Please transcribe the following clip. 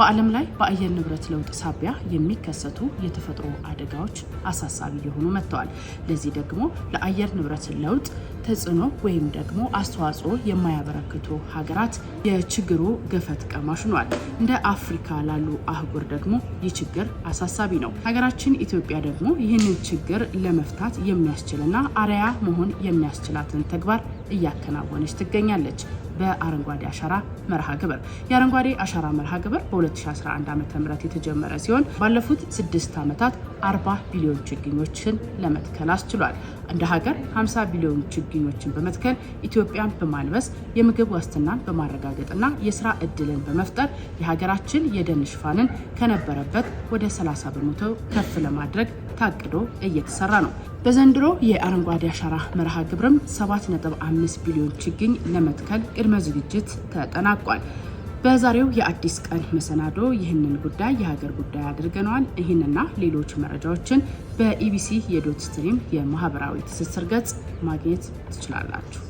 በዓለም ላይ በአየር ንብረት ለውጥ ሳቢያ የሚከሰቱ የተፈጥሮ አደጋዎች አሳሳቢ የሆኑ መጥተዋል። ለዚህ ደግሞ ለአየር ንብረት ለውጥ ተጽዕኖ ወይም ደግሞ አስተዋጽኦ የማያበረክቱ ሀገራት የችግሩ ገፈት ቀማሽ ሆኗል። እንደ አፍሪካ ላሉ አህጉር ደግሞ ይህ ችግር አሳሳቢ ነው። ሀገራችን ኢትዮጵያ ደግሞ ይህንን ችግር ለመፍታት የሚያስችልና አርያ መሆን የሚያስችላትን ተግባር እያከናወነች ትገኛለች። በአረንጓዴ አሻራ መርሃ ግብር የአረንጓዴ አሻራ መርሃ ግብር በ2011 ዓ ም የተጀመረ ሲሆን ባለፉት ስድስት ዓመታት 40 ቢሊዮን ችግኞችን ለመትከል አስችሏል። እንደ ሀገር 50 ቢሊዮን ችግኞችን በመትከል ኢትዮጵያን በማልበስ የምግብ ዋስትናን በማረጋገጥና የስራ እድልን በመፍጠር የሀገራችን የደን ሽፋንን ከነበረበት ወደ 30 በመቶ ከፍ ለማድረግ ታቅዶ እየተሰራ ነው። በዘንድሮ የአረንጓዴ አሻራ መርሃ ግብርም 7.5 ቢሊዮን ችግኝ ለመትከል ቅድመ ዝግጅት ተጠናቋል። በዛሬው የአዲስ ቀን መሰናዶ ይህንን ጉዳይ የሀገር ጉዳይ አድርገነዋል። ይህንና ሌሎች መረጃዎችን በኢቢሲ የዶት ስትሪም የማህበራዊ ትስስር ገጽ ማግኘት ትችላላችሁ።